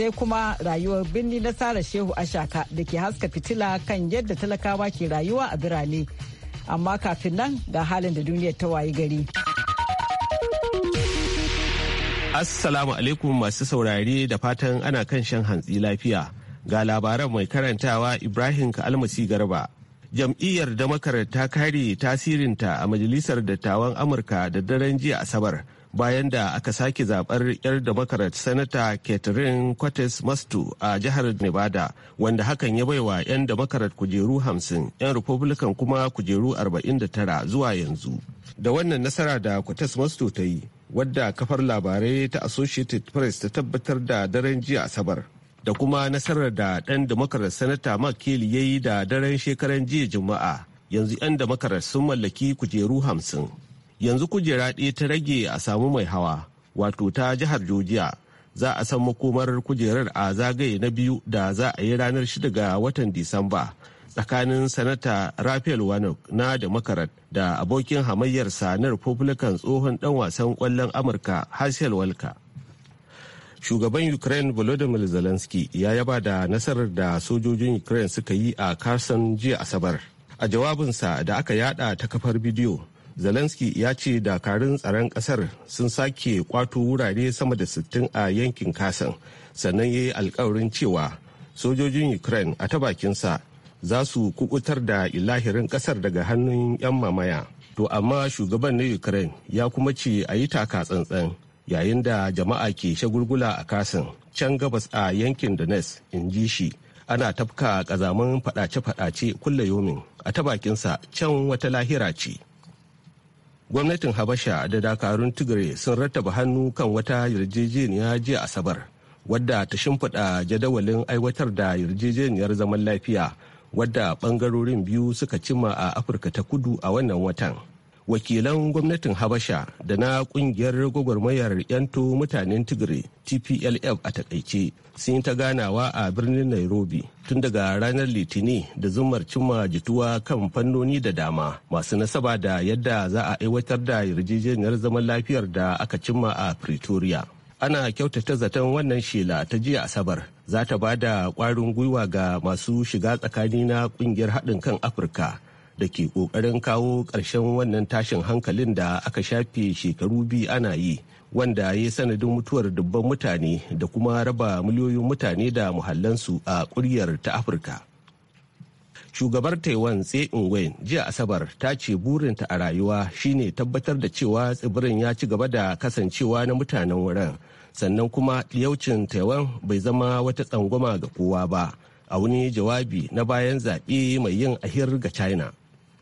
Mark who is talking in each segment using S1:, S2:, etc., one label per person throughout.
S1: sai kuma rayuwar birni na Sara Shehu Ashaka da ke haska fitila kan yadda talakawa ke rayuwa a birane. Amma kafin nan ga halin da duniyar ta wayi gari.
S2: Assalamu alaikum masu saurare da fatan ana kan shan hantsi lafiya. Ga labaran mai karantawa Ibrahim Kalmasi Garba. Jam'iyyar da ta kare tasirinta a Majalisar Dattawan Amurka da daren jiya Asabar. bayan da aka sake zaɓar yar democrat senator catherine cortez masto a jihar nevada wanda hakan ya baiwa 'yan democrat kujeru 50 'yan republican kuma kujeru 49 zuwa yanzu da wannan nasara da cortez masto ta yi wadda kafar labarai ta associated press ta tabbatar da daren jiya asabar da kuma nasarar da ɗan democrat sanata mark kelly ya yi da daren shekaran jiya juma'a yanzu 'yan democrat sun mallaki kujeru 50 yanzu kujera ɗaya ta rage a samu mai hawa wato ta jihar jojiya za a san makomar kujerar a zagaye na biyu da za a yi ranar 6 ga watan disamba tsakanin sanata rafael wanok na democrat da abokin hamayyarsa na republican tsohon dan wasan kwallon amurka hasel walka shugaban ukraine volodymyr zelensky ya yaba da nasarar da sojojin ukraine suka yi a carson jiya asabar a jawabinsa da aka yada ta kafar bidiyo zelensky ya ce dakarun tsaron ƙasar sun sake kwato wurare sama da 60 a yankin kasan sannan ya yi alkawarin cewa sojojin ukraine a ta bakinsa za su kukutar da ilahirin ƙasar daga hannun 'yan mamaya to amma shugaban na ukraine ya kuma ce a yi taka tsantsan yayin da jama'a ke shagulgula a kasan can gabas a yankin donetsk in ji shi ana tafka kazaman faɗace-faɗace kulle yomin a ta bakinsa can wata lahira ce gwamnatin habasha da dakarun tigray sun rattaba hannu kan wata yarjejeniya jiya asabar wadda ta shimfiɗa jadawalin aiwatar da yarjejeniyar zaman lafiya wadda ɓangarorin biyu suka cimma a afirka ta kudu a wannan watan wakilan gwamnatin habasha da na kungiyar gwagwarmayar yanto mutanen tigray tplf a takaice sun yi ta ganawa a birnin nairobi tun daga ranar litini da zumar cimma jituwa kan fannoni da dama masu nasaba da yadda za a aiwatar da yarjejeniyar zaman lafiyar da aka cimma a pretoria ana kyautata zaton wannan shela ta jiya asabar za ta ba da kwarin gwiwa ga masu shiga tsakani na kungiyar haɗin kan afirka da ke kokarin kawo ƙarshen wannan tashin hankalin da aka shafe shekaru biyu ana yi wanda ya yi sanadin mutuwar dubban mutane da kuma raba miliyoyin mutane da muhallansu a ƙuryar ta afirka shugabar taiwan tse ingwen jiya asabar ta ce burinta a rayuwa shine tabbatar da cewa tsibirin ya ci gaba da kasancewa na mutanen wurin sannan kuma yaucin taiwan bai zama wata tsangwama ga kowa ba a wani jawabi na bayan zaɓe mai yin ahir ga china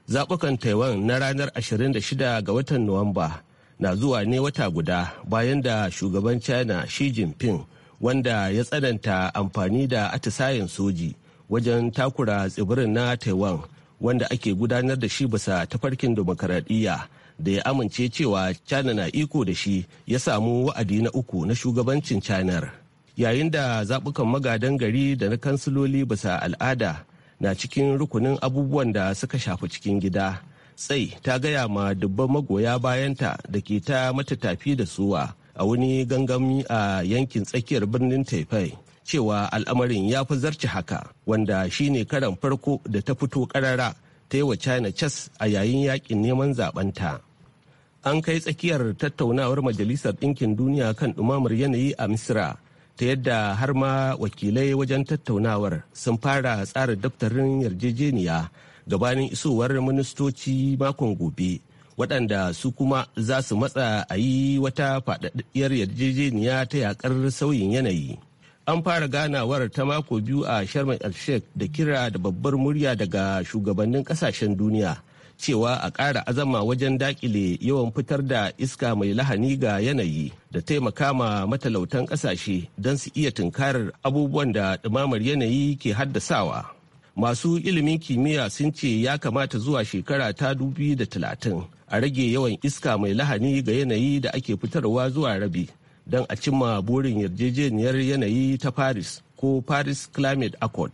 S2: zaɓukan taiwan na ranar 26 ga watan nuwamba na zuwa ne wata guda bayan da shugaban china shi jinping wanda ya tsananta amfani da atisayen soji wajen takura tsibirin na taiwan wanda ake gudanar da shi bisa tafarkin demokaradiyya da ya amince cewa china na iko da shi ya samu wa'adi na uku na shugabancin china yayin da zaɓukan magadan gari da na kansiloli bisa al'ada na cikin rukunin abubuwan da suka shafi cikin gida tsai ta gaya ma dubban magoya bayanta da ke ta mata da suwa a wani gangami a yankin tsakiyar birnin taifai cewa al'amarin ya fi zarci haka wanda shine karan farko da ta fito karara ta yi wa china chess a yayin yakin neman zabanta an kai tsakiyar tattaunawar majalisar ɗinkin duniya kan ɗumamar yanayi a misra ta yadda har ma wakilai wajen tattaunawar sun fara tsara daftarin yarjejeniya gabanin isowar ministoci makon gobe waɗanda su kuma za su matsa a yi wata faɗaɗɗiyar yarjejeniya ta yaƙar sauyin yanayi an fara ganawar ta mako biyu a sharma el sheikh da kira da babbar murya daga shugabannin ƙasashen duniya cewa a ƙara azama wajen dakile yawan fitar da iska mai lahani ga yanayi da taimaka ma matalautan ƙasashe don su iya tunkarar abubuwan da ɗumamar yanayi ke haddasawa. Masu ilimin kimiyya sun ce ya kamata zuwa shekara ta da talatin a rage yawan iska mai lahani ga yanayi da ake fitarwa zuwa rabi don a cimma burin yarjejeniyar yanayi ta Paris ko Paris Climate Accord.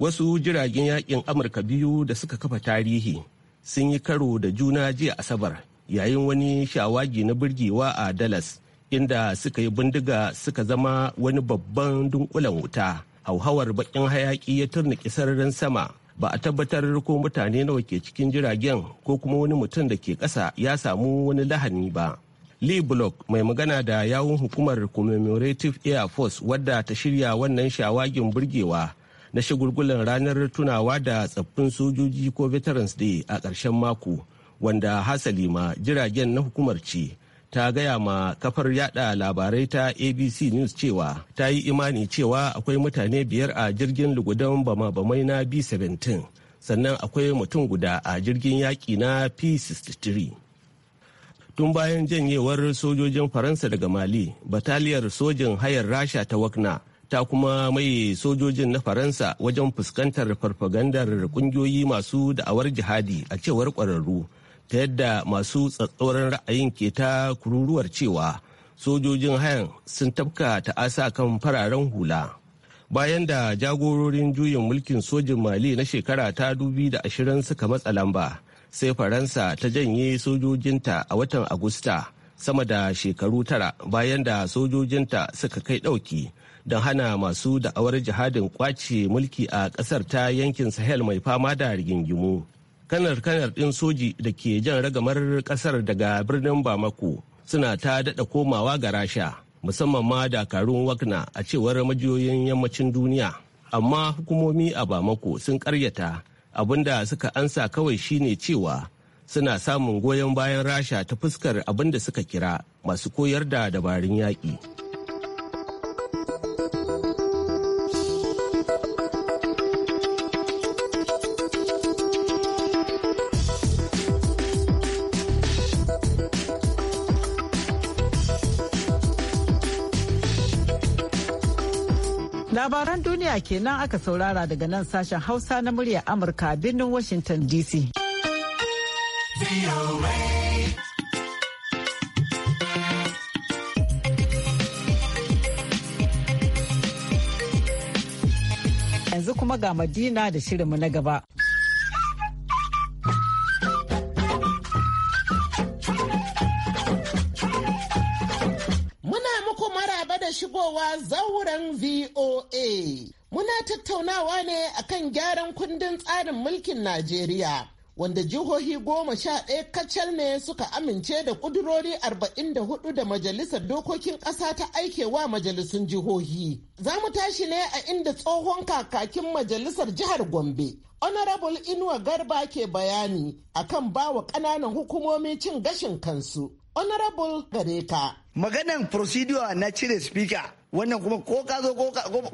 S2: Wasu jiragen yakin Amurka biyu da suka kafa tarihi sun yi karo da juna jiya asabar yayin wani shawagi na birgewa a dallas inda suka yi bindiga suka zama wani babban dunkulen wuta hauhawar bakin hayaki ya turnuki sararin sama ba a tabbatar ko mutane nawa ke cikin jiragen ko kuma wani mutum da ke ƙasa ya samu wani lahani ba lee block mai magana da yawun hukumar commemorative air force wadda ta shirya wannan shawagin burgewa na shagulgulan ranar tunawa da tsaffin sojoji ko veterans day a ƙarshen mako wanda hasali ma jiragen na hukumar ce ta gaya ma kafar yada labarai ta abc news cewa ta yi imani cewa akwai mutane biyar a jirgin lugudan bama-bamai na b-17 sannan akwai mutum guda a jirgin yaƙi na p-63 tun bayan janyewar sojojin faransa daga mali bataliyar sojin hayar rasha ta wakna ta kuma mai sojojin na faransa wajen fuskantar farfagandar kungiyoyi masu da'awar jihadi a cewar kwararru ta yadda masu tsatsauran ra'ayin ke ta kururuwar cewa sojojin hayan sun tafka ta'asa kan fararen hula bayan da jagororin juyin mulkin sojin mali na shekara ta da ashirin suka matsa lamba sai faransa ta janye sojojinta a watan agusta sama da shekaru tara bayan da sojojinta suka kai ɗauki don hana masu da'awar jihadin kwace mulki a kasar ta yankin sahel mai fama da rigingimu kanar kanar ɗin soji da ke jan ragamar ƙasar daga birnin bamako suna ta daɗa komawa ga rasha musamman ma dakarun wakna a cewar majiyoyin yammacin duniya amma hukumomi a bamako sun ƙaryata abinda suka ansa kawai shine cewa suna samun goyon bayan rasha ta fuskar abinda suka kira masu koyar da dabarun yaƙi.
S1: labaran duniya kenan aka saurara daga nan sashen hausa na murya amurka birnin washington dc. kuma ga Madina da shirinmu na gaba.
S3: Muna muku maraba da shigowa zauren VOA. Muna tattaunawa ne akan gyaran kundin tsarin mulkin Najeriya. wanda jihohi goma sha ɗaya kacal ne suka amince da ƙudurori arba'in da hudu da majalisar dokokin ƙasa ta aikewa majalisun jihohi. Za mu tashi ne a inda tsohon kakakin majalisar jihar Gombe, Honorable Inuwa Garba ke
S4: bayani akan wa ƙananan hukumomi cin gashin kansu. Honorable Gareka. Maganan procedure na cire speaker wannan kuma ko ka zo ko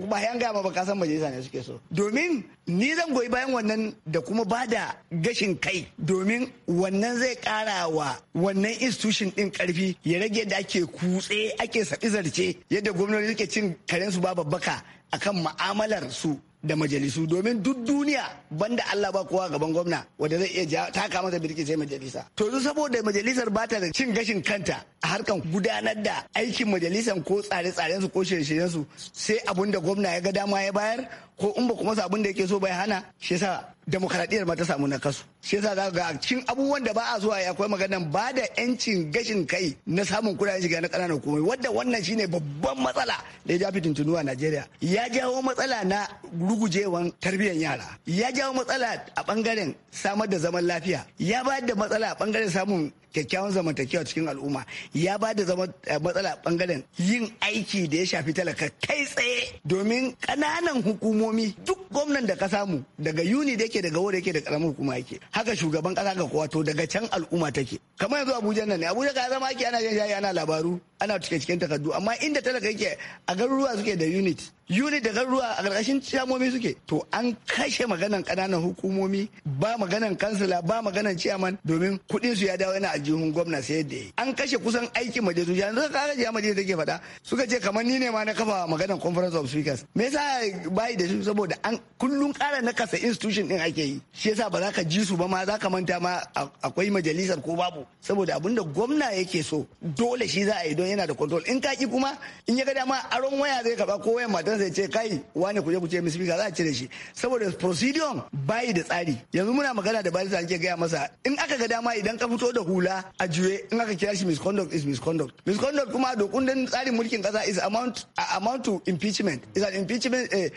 S4: bayan gaya ma ba ka san majalisa ne suke so domin ni zan goyi bayan wannan da kuma ba da gashin kai domin wannan zai kara wa wannan institution din karfi ya rage da ake kutse ake sabi yadda gwamnati suke cin karensu ba babbaka akan ma'amalar su da majalisu domin duk duniya banda Allah ba kowa gaban gwamna wanda zai iya taka masa birki sai majalisa to yanzu saboda majalisar ba ta da cin gashin kanta a harkan gudanar da aikin majalisar ko tsare-tsaren su ko shirye-shiryen su sai abun da gwamna ya ga dama ya bayar ko in ba kuma abun da yake so bai hana shi yasa demokaradiyyar ma ta samu na kasu shi yasa za ga cikin abubuwan da ba a zuwa akwai magana ba da yancin gashin kai na samun kuɗaɗen shiga na ƙananan hukumomi wadda wannan shine babban matsala da ya jafi tuntunu a Najeriya ya jawo matsala na rugujewan tarbiyyar yara ya jawo matsala a bangaren samar da zaman lafiya ya ba da matsala a bangaren samun kyakkyawan zamantakewa cikin al'umma ya ba da eh, matsala bangaren yin aiki da ya shafi talaka kai tsaye domin ƙananan hukumomi duk gwamnan da ka samu daga yuni da yake yake daga wuri yake da karamar hukuma yake haka shugaban kasa ga kowa to daga can al'umma take kamar yanzu Abuja nan ne Abuja ka zama ake ana jan shayi ana labaru ana cike cikin takardu amma inda talaka yake a garuruwa suke da unit unit da garuruwa a ƙarƙashin ciyamomi suke to an kashe maganan kananan hukumomi ba maganan kansila ba maganan ciyaman domin kuɗin su ya dawo yana aljihun gwamna sai yadda yi an kashe kusan aikin shi yanzu ka ga majalisun take faɗa suka ce kamar ni ne ma na kafa maganan conference of speakers me yasa bayi da shi saboda an kullun ƙara na kasa institution din ake yi shi yasa ba za ka ji su ba ma za ka manta ma akwai majalisar ko babu saboda abin da gwamna yake so dole shi za a yi don yana da control in ka ki kuma in ya ga dama aron waya zai kaba ko wayan matan ya ce kai wani kuje kuce mu speaker za a cire shi saboda procedure bai da tsari yanzu muna magana da barista ake gaya masa in aka ga dama idan ka fito da hula a juye in aka kira shi misconduct is misconduct misconduct kuma da kundin tsarin mulkin kasa is amount amount to impeachment is an impeachment uh,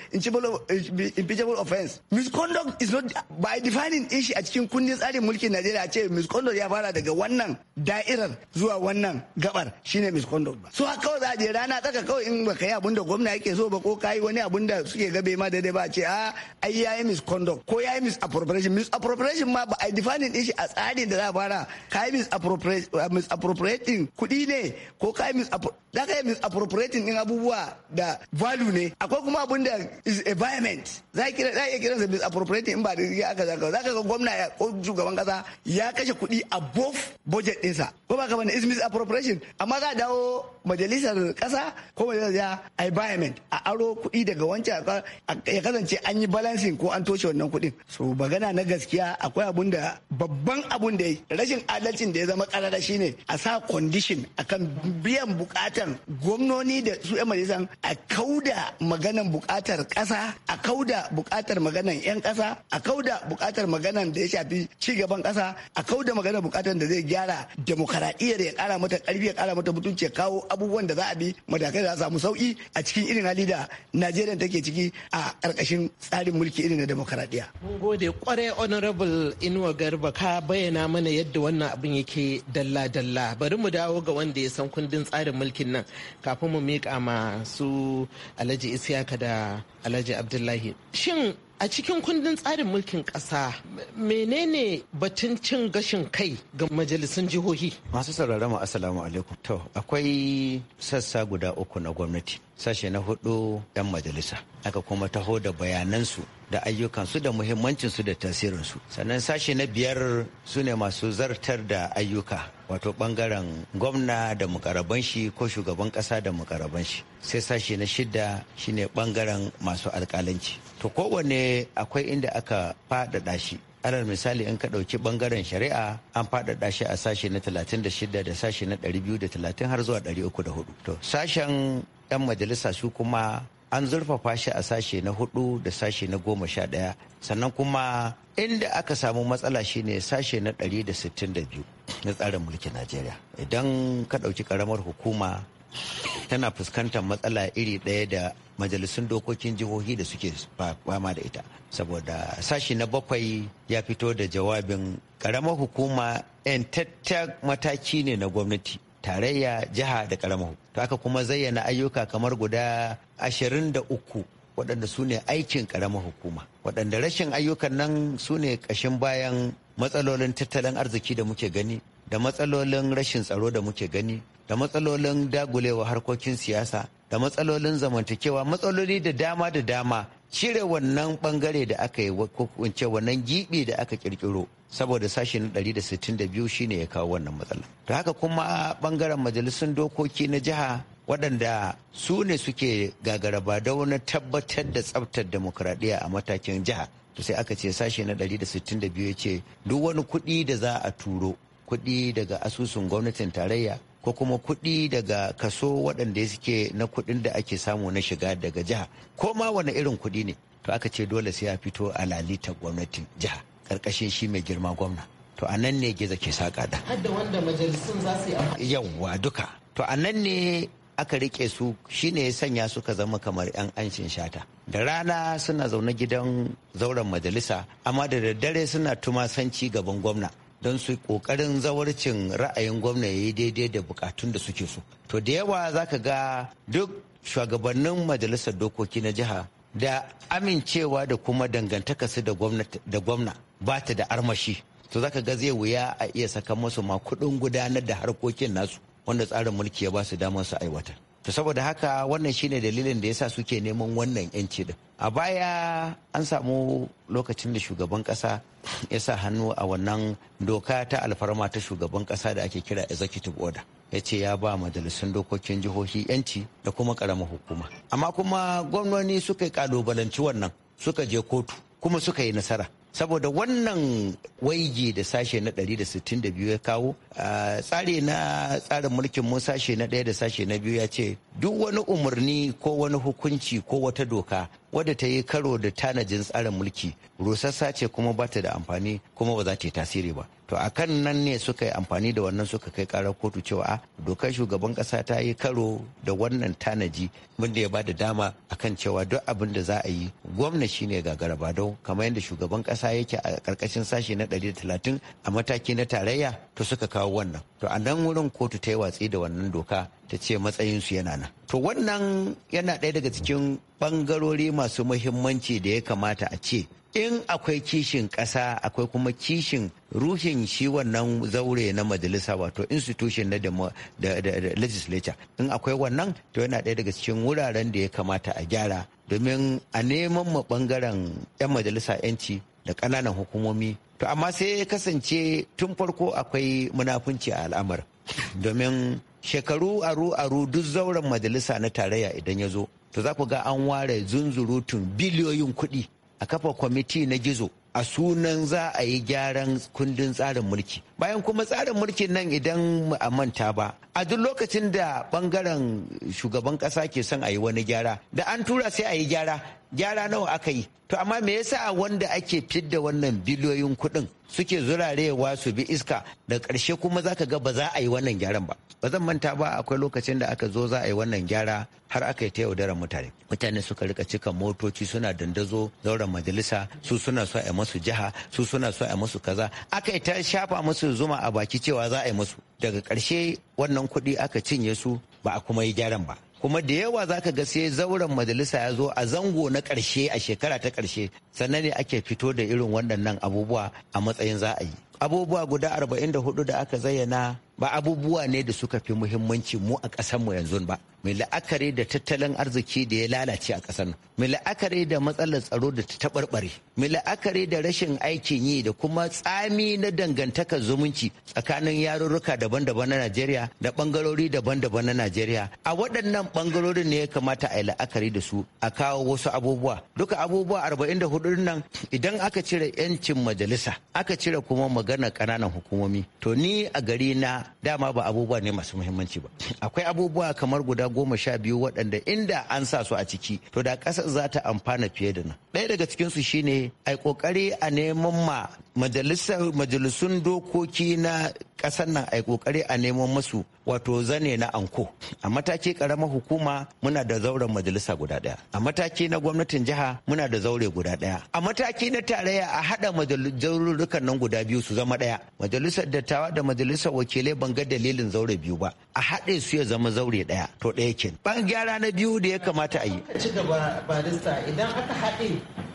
S4: impeachable offense misconduct is not ba defining din shi a cikin kundin tsarin mulkin Najeriya a ce Condor ya fara daga wannan da'irar zuwa wannan gabar shine Condor ba so kawai za a je rana tsaka kawai in ba ka yi abinda gwamna yake so ba ko k'a yi wani abinda suke gabe ma daidai ba a ce a ah, ai yi Condor ko ya Appropriation. misappropriation Appropriation ma ba a defining din shi a tsarin da za a fara kai misappropriating ah, kuɗi ne ko ka yi kai misappropriating din abubuwa da value ne akwai kuma abin da is environment za a iya kiransa misappropriating ba da aka zaka zaka ga gwamna ya ko shugaban kasa ya kashe kuɗi above budget ɗinsa ko ba ka bane is misappropriation amma za a dawo majalisar kasa ko majalisar environment a aro kuɗi daga wancan ya kasance an yi balancing ko an toshe wannan kuɗin so magana na gaskiya akwai abun da babban abun da rashin adalcin da ya zama karara shine a sa condition akan biyan bukatan gwamnoni da su 'yan majalisar a kauda maganan bukatar kasa a kauda bukatar maganan 'yan kasa a da bukatar maganan da ya shafi ci gaban ƙasa, a da maganar bukatar da zai gyara demokaradiyyar ya kara mata karfi ya kara mata mutunci ya kawo abubuwan da za a bi matakai za a samu sauki a cikin irin hali da Najeriya take ciki a karkashin tsarin mulki irin na demokaradiyya.
S3: Mun gode kwarai honorable Inuwa Garba ka bayyana mana yadda wannan abin yake dalla-dalla bari mu dawo ga wanda ya san kundin tsarin mulkin nan kafin mu miƙa masu Alhaji Isiyaka da Alhaji Abdullahi. Shin a cikin kundin tsarin mulkin ƙasa menene
S5: batun cin gashin kai ga majalisun jihohi masu sauraron mu assalamu alaikum to akwai sassa guda uku na gwamnati sashe na hudu yan majalisa aka kuma taho da bayanansu da ayyukansu da muhimmancinsu da tasirinsu sannan sashe na biyar su ne masu zartar da ayyuka wato bangaren gwamna da mukaraban shi ko shugaban kasa da mukaraban shi sai sashe na shida shine bangaren masu alkalanci to kowane akwai inda aka faɗaɗa shi alal misali in ka ɗauki ɓangaren shari'a an faɗaɗa shi a sashe na 36 da sashe na 230 har zuwa 304 to sashen 'yan majalisa su kuma an zurfafa shi a sashe na 4 da sashe na 11 sannan kuma inda aka samu matsala shine sashe na 162 na tsarin mulkin najeriya idan ka ɗauki ƙaramar hukuma tana fuskantar matsala iri ɗaya da majalisun dokokin jihohi da suke fama da ita saboda sashi na bakwai ya fito da jawabin ƙaramar hukuma 'yantattar mataki ne na gwamnati tarayya jiha da ƙaramar to aka kuma zayyana ayyuka kamar guda ashirin da uku waɗanda su ne aikin ƙaramar hukuma waɗanda rashin ayyukan nan su ne ƙashin bayan matsalolin tattalin arziki da muke gani da matsalolin rashin tsaro da muke gani da matsalolin dagulewa harkokin siyasa da matsalolin zamantakewa matsaloli da dama da dama cire wannan bangare da aka yi ko wannan gibi da aka kirkiro saboda sashi na 162 shine ya kawo wannan matsala da haka kuma bangaren majalisun dokoki na jiha waɗanda su ne suke gagaraba da wani tabbatar da tsabtar demokuraɗiyya a matakin jiha to sai aka ce sashe na 162 ya ce duk wani kuɗi da za a turo kuɗi daga asusun gwamnatin tarayya ko kuma kuɗi daga kaso waɗanda suke na kuɗin da ake samu na shiga daga jiha ko ma wani irin kuɗi ne to aka ce dole sai ya fito a lalita gwamnatin jiha karkashin shi mai girma gwamna to a nan ne gizo ke saƙa da
S3: hadda wanda majalisun za su
S5: yi yawwa duka to a nan ne aka rike su shine ya sanya suka zama kamar 'yan ancin shata da rana suna zaune gidan zauren majalisa amma da daddare suna tumasanci gaban gwamna don su kokarin zawarcin ra'ayin gwamna ya yi daidai da bukatun da suke so to da yawa za ka ga duk shugabannin majalisar dokoki na jiha da amincewa da kuma dangantaka su da gwamna ba ta da armashi to za ka ga zai wuya a iya saka musu ma kuɗin gudanar da harkokin nasu wanda tsarin mulki ya ba su damar su aiwatar to saboda haka wannan shine dalilin da yasa suke neman wannan yanci din a baya an samu lokacin da shugaban kasa ya sa hannu a wannan doka ta alfarma ta shugaban kasa da ake kira executive order ya ce ya ba majalisun dokokin jihohi yanci da kuma karamar hukuma amma kuma gwamnoni suka kalubalanci wannan suka je kotu kuma suka yi nasara saboda wannan waigi da sashe na 162 ya kawo tsari na tsarin mulkin mun sashe na ɗaya da sashe na biyu ya ce duk wani umarni ko wani hukunci ko wata doka wadda ta yi karo da tanajin tsarin mulki rusassa ce kuma ba ta da amfani kuma ba za ta yi tasiri ba to a kan nan ne suka yi amfani da wannan suka kai karar kotu cewa a dokar shugaban kasa ta yi karo da wannan tanaji wanda ya ba da dama akan cewa duk abin da za a yi gwamna shine gagara ba don kamar yadda shugaban kasa yake a karkashin sashe na 130 a mataki na tarayya to suka kawo wannan to a nan wurin kotu ta yi watsi da wannan doka ta ce matsayinsu yana nan to wannan yana ɗaya daga cikin ɓangarori masu muhimmanci da ya kamata a ce in akwai kishin ƙasa akwai kuma kishin ruhin shi wannan zaure na majalisa wato institution na legislature in akwai wannan to yana ɗaya daga cikin wuraren da ya kamata a gyara domin a neman ma bangaren 'yan majalisa 'yanci da ƙananan hukumomi to amma sai ya kasance tun farko akwai munafunci a al'amar domin shekaru aru aru duk zauren majalisa na tarayya idan ya zo to za ku ga an ware zunzurutun biliyoyin kuɗi a kafa kwamiti na gizo a sunan za a yi gyaran kundin tsarin mulki bayan kuma tsarin mulkin nan idan a manta ba a duk lokacin da bangaren shugaban kasa ke son a yi wani gyara da an tura sai a yi gyara gyara nawa aka yi to amma me yasa wanda ake fidda wannan biliyoyin kuɗin suke zurarewa su bi iska da karshe kuma zaka ga ba za a yi wannan gyaran ba ba zan manta ba akwai lokacin da aka zo za a yi wannan gyara har aka yi ta yaudarar mutane mutane suka rika cika motoci suna dandazo zauren majalisa su suna so a musu jiha su suna so a musu kaza aka ta shafa musu zuma a baki cewa za a yi musu daga ƙarshe wannan kuɗi aka cinye su ba a kuma yi gyaran ba kuma da yawa za ka ga sai zauren majalisa ya zo a zango na ƙarshe a shekara ta ƙarshe sannan ne ake fito da irin waɗannan abubuwa a matsayin za a yi abubuwa guda 44 da aka zayyana ba abubuwa ne da suka fi muhimmanci mu a mu yanzu ba mai la'akari da tattalin arziki da ya lalace a ƙasar nan mai la'akari da matsalar tsaro da ta taɓarɓare mai la'akari da rashin aikin yi da kuma tsami na dangantakar zumunci tsakanin yarurruka daban-daban na najeriya da ɓangarori daban-daban na najeriya a waɗannan ɓangarorin ne ya kamata a yi la'akari da su a kawo wasu abubuwa duka abubuwa arba'in da hudu nan idan aka cire 'yancin majalisa aka cire kuma maganar ƙananan hukumomi to ni a gari na dama ba abubuwa ne masu muhimmanci ba akwai abubuwa kamar guda goma sha biyu waɗanda inda an sa su a ciki to da ƙasar za ta amfana fiye da nan ɗaya daga cikinsu shine ai ƙoƙari a neman ma majalisun dokoki na kasan nan a yi kokari a neman musu wato zane na anko a mataki karamar hukuma muna da zauren majalisa guda ɗaya a mataki na gwamnatin jiha muna da zaure guda ɗaya a mataki na tarayya a haɗa majalisar nan guda biyu su zama ɗaya majalisar dattawa da majalisar wakilai ban ga dalilin zaure biyu ba a haɗe su ya zama zaure ɗaya to ɗaya ke ban gyara na biyu da ya kamata a yi
S3: idan aka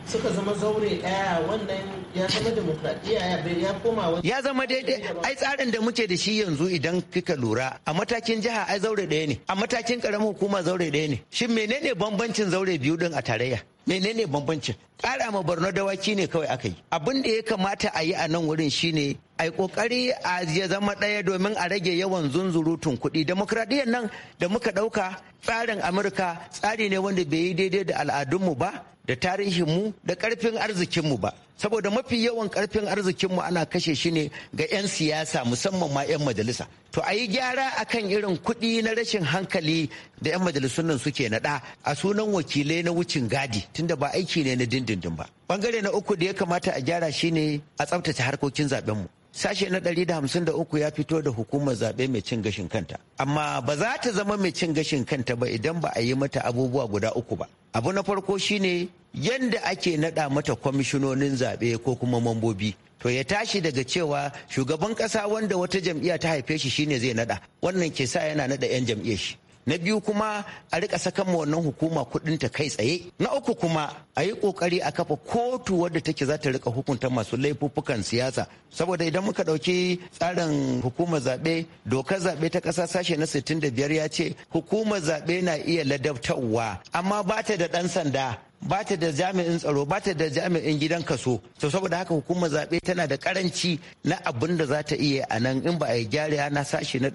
S3: suka zama zaure ɗaya wannan ya zama demokradiyya ya koma ya zama daidai
S5: ai tsarin da muke da shi yanzu idan kika lura a matakin jiha ai zaure ɗaya ne, a matakin ƙaramin hukuma zaure ɗaya ne. Shin menene bambancin zaure biyu din a tarayya? menene bambancin ƙara ma barno dawaki ne kawai aka yi abin da ya kamata a yi a nan wurin shine a yi kokari a ya zama ɗaya domin a rage yawan zunzurutun kuɗi demokradiyyar nan da muka ɗauka tsarin amurka tsari ne wanda bai yi daidai da al'adunmu ba da tarihinmu da ƙarfin arzikinmu ba saboda mafi yawan karfin arzikinmu ana kashe shi ne ga 'yan siyasa musamman ma 'yan majalisa to a yi gyara a kan irin kuɗi na rashin hankali da 'yan majalisun nan suke naɗa a sunan wakilai na wucin gadi tunda ba aiki ne na dindindin ba bangare na uku da ya kamata a gyara shine a tsabtace harkokin zaɓenmu sashe na 153 ya fito da hukumar zaɓe mai cin gashin kanta amma ba za ta zama mai cin gashin kanta ba idan ba a yi mata abubuwa guda uku ba abu na farko shine yadda ake naɗa mata kwamishinonin zaɓe ko kuma mambobi to ya tashi daga cewa shugaban ƙasa wanda wata jam'iyya ta haife shi shine zai naɗa wannan ke sa yana naɗa 'yan jam'iyyar shi na biyu kuma a rika saka mu wannan hukuma kuɗin ta kai tsaye na uku kuma a yi kokari a kafa kotu wadda take za ta rika hukunta masu laifuffukan siyasa saboda idan muka ɗauki tsarin hukumar zaɓe dokar zaɓe ta ƙasa sashe na 65 ya ce hukumar zaɓe na iya ladabtarwa amma ba ta da ɗan sanda ba ta da jami'in tsaro ba ta da jami'in gidan kaso to saboda haka hukumar zaɓe tana da karanci na abin da za ta iya a nan in ba a yi gyara na sashi na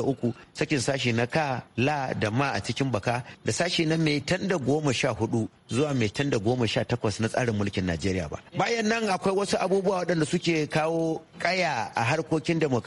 S5: uku sakin sashi na ka la da ma a cikin baka da sashi na mai tan da goma sha hudu zuwa mai tan da goma sha takwas na tsarin mulkin najeriya ba bayan nan akwai wasu abubuwa waɗanda suke kawo kaya a harkokin mu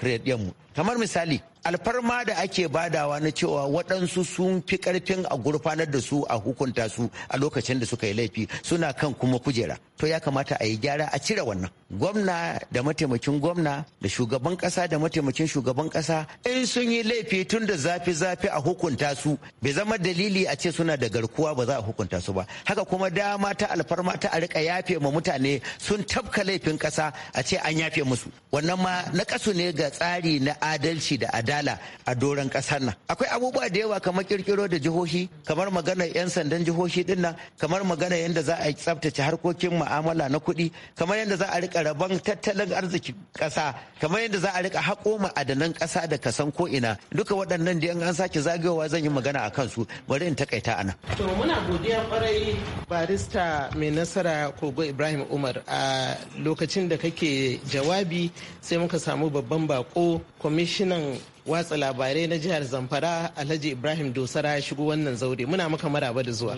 S5: kamar misali alfarma da ake badawa na cewa waɗansu sun fi ƙarfin a gurfanar da su a hukunta su a lokacin da suka yi laifi suna kan kuma kujera to ya kamata a yi gyara a cire wannan gwamna da mataimakin gwamna da shugaban ƙasa da mataimakin shugaban ƙasa in sun yi laifi tun da zafi-zafi a hukunta su bai zama dalili a ce suna da garkuwa ba za a hukunta su ba haka kuma dama ta alfarma ta a rika yafe ma mutane sun tabka laifin kasa a ce an yafe musu wannan ma na kasu ne ga tsari na adalci da adala a doron kasar nan akwai abubuwa da yawa kamar kirkiro da jihohi kamar maganar yan sandan jihohi din kamar maganar yadda za a tsaftace harkokin mu'amala na kuɗi kamar yadda za a rika rabon tattalin arzikin kasa kamar yadda za a rika haƙo ma'adanan kasa da kasan ko ina duka waɗannan da an sake zagayowa zan yi magana a kansu bari in takaita ana. to muna godiya kwarai
S3: barista mai nasara kogo ibrahim umar a lokacin da kake jawabi sai muka samu babban bako kwamishinan watsa labarai na jihar zamfara alhaji ibrahim dosara ya shigo wannan zaure muna maka maraba da zuwa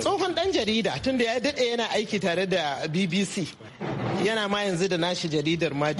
S3: tsohon dan jarida tun da ya daɗe yana aiki tare da bbc yana ma yanzu da nashi jaridar ma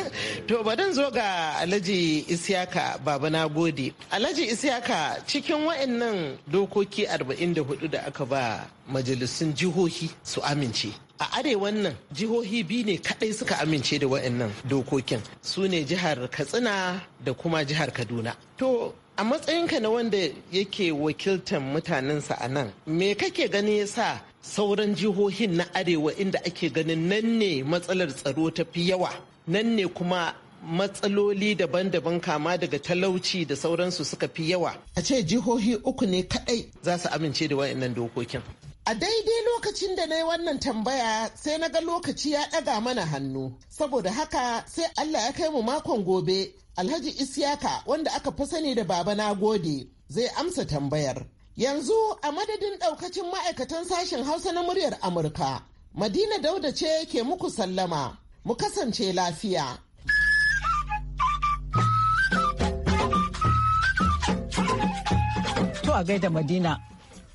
S3: to badan zo ga alhaji isiyaka baba na gode alhaji isyaka cikin wa'annan dokoki 44 da aka ba majalisun jihohi su amince a arewan nan jihohi biyu ne kadai suka amince da wa'annan dokokin su ne jihar katsina da kuma jihar kaduna to a matsayinka na wanda yake wakiltar mutanensa a nan me kake gani yasa sauran jihohin na arewa inda ake ganin nan ne matsalar tsaro ta fi yawa nan ne kuma matsaloli daban-daban kama daga talauci da sauransu suka fi yawa a ce jihohi uku ne kadai za su amince da waɗannan dokokin A daidai lokacin da na yi wannan tambaya sai na ga lokaci ya ɗaga mana hannu. Saboda haka sai Allah ya kai mu makon gobe, Alhaji Isyaka wanda aka fi sani da Baba na gode zai amsa tambayar. Yanzu a madadin ɗaukacin ma'aikatan sashen Hausa na muryar Amurka, Madina Dauda ce ke muku sallama, mu kasance lafiya.
S1: To a gaida Madina.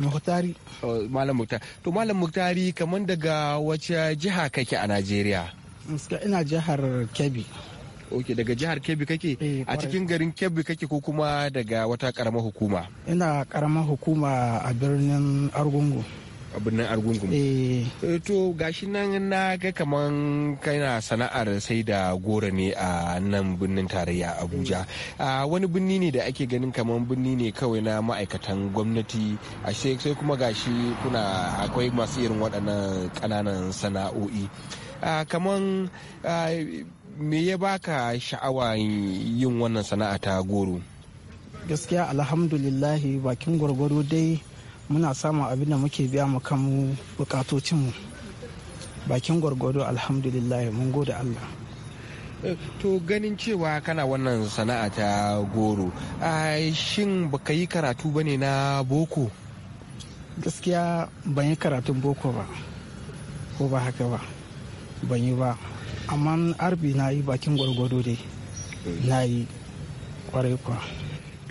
S6: muktari. Oh, malam muktari to malam muktari kamar daga wace jiha kake a najeriya
S7: ina jihar kebbi
S6: ok daga jihar kebbi kake eh, a cikin garin kebbi kake ko kuma daga wata karamar hukuma
S7: ina karamar hukuma a birnin
S6: argungu birnin argungun eh. Eh, to gashi nan na ga kaman kana sana'ar sai da goro ne a nan birnin tarayya abuja a wani birni ne da ake ganin kaman birni ne kawai na ma'aikatan gwamnati a sai kuma gashi kuna akwai masu irin waɗannan ƙananan sana'o'i kaman me ya baka sha'awa yin wannan sana'a ta goro
S7: gaskiya alhamdulillahi bakin gwargwaro dai muna samun abin da muke biya mu kan bukatocinmu bakin gwargwado alhamdulillah mun gode allah
S6: to ganin cewa kana wannan sana'a ta goro shin baka yi karatu ba na boko gaskiya ban yi karatun boko ba ko ba haka ba
S7: ban yi ba amma arbi na yi bakin gwargwado dai na yi
S6: kwarai kwa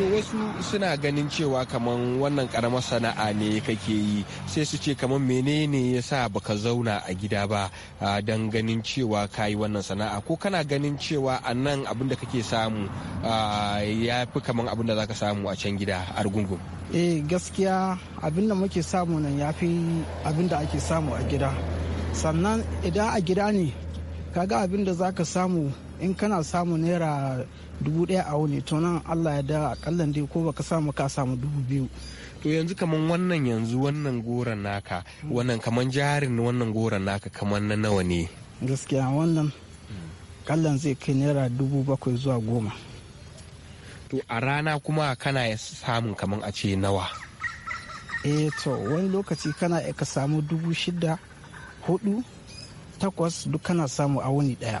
S6: to wasu suna ganin cewa kaman wannan karamar sana'a ne kake yi sai su ce kaman menene ya sa baka zauna a gida ba don ganin cewa ka yi wannan sana'a ko kana ganin cewa a nan abin kake samu ya fi kaman abin da zaka samu a can gida a rugungun
S7: eh gaskiya abin da muke samu nan ya fi abin ake samu a gida sannan idan a gida ne kaga abin da zaka samu in kana samu naira dubu daya a wuni to nan allah ya da akalla dai ko baka samu ka samu dubu biyu
S6: to yanzu kaman wannan yanzu wannan goran naka wannan kaman jarin wannan goran naka kaman na nawa ne gaskiya
S7: wannan kallon zai kai naira dubu bakwai zuwa goma
S6: to a rana kuma kana samun kaman a ce nawa
S7: eh to wani lokaci kana ka samu dubu shida hudu takwas duk kana samu a wuni daya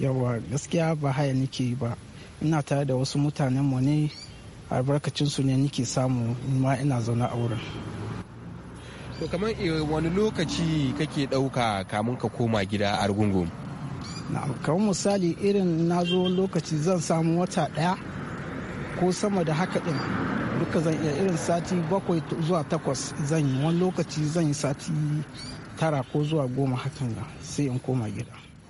S7: yawa gaskiya ba haya nike yi ba ina tare da wasu mutanen mu ne su ne nike samu ma ina zaune a wurin
S6: to kamar eh, wani lokaci kake ɗauka kamun ka koma gida a argungun
S7: kamar misali irin na zo lokaci zan samu wata ɗaya ko sama da haka ɗin duka zan iya irin sati bakwai zuwa takwas zan yi wani lokaci zan yi sati tara ko zuwa goma hakan sai in
S6: koma gida